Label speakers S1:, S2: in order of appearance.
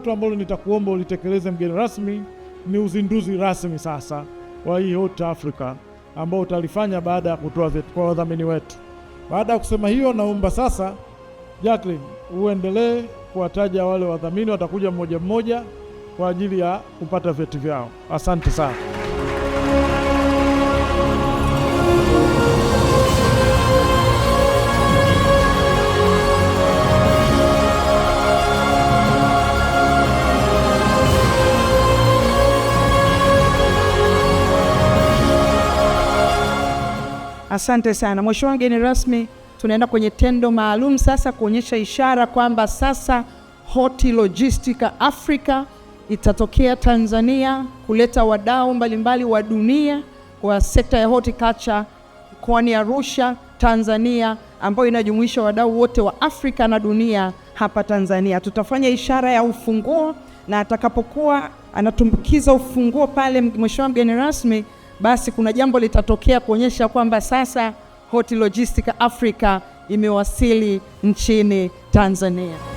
S1: tatu ambalo nitakuomba ulitekeleze, mgeni rasmi, ni uzinduzi rasmi sasa wa hii Hot Africa ambao utalifanya baada ya kutoa vyetu kwa wadhamini wetu. Baada ya kusema hiyo, naomba sasa Jacqueline uendelee kuwataja wale wadhamini, watakuja mmoja mmoja kwa ajili ya kupata vyeti vyao. Asante sana.
S2: Asante sana Mheshimiwa mgeni rasmi, tunaenda kwenye tendo maalum sasa kuonyesha ishara kwamba sasa Hoti Logistica Africa itatokea Tanzania kuleta wadau mbalimbali wa dunia kwa sekta ya horticulture mkoani Arusha, Tanzania, ambayo inajumuisha wadau wote wa Afrika na dunia hapa Tanzania. Tutafanya ishara ya ufunguo na atakapokuwa anatumbukiza ufunguo pale, Mheshimiwa mgeni rasmi basi kuna jambo litatokea kuonyesha kwamba sasa Hoti Logistics Africa imewasili nchini Tanzania.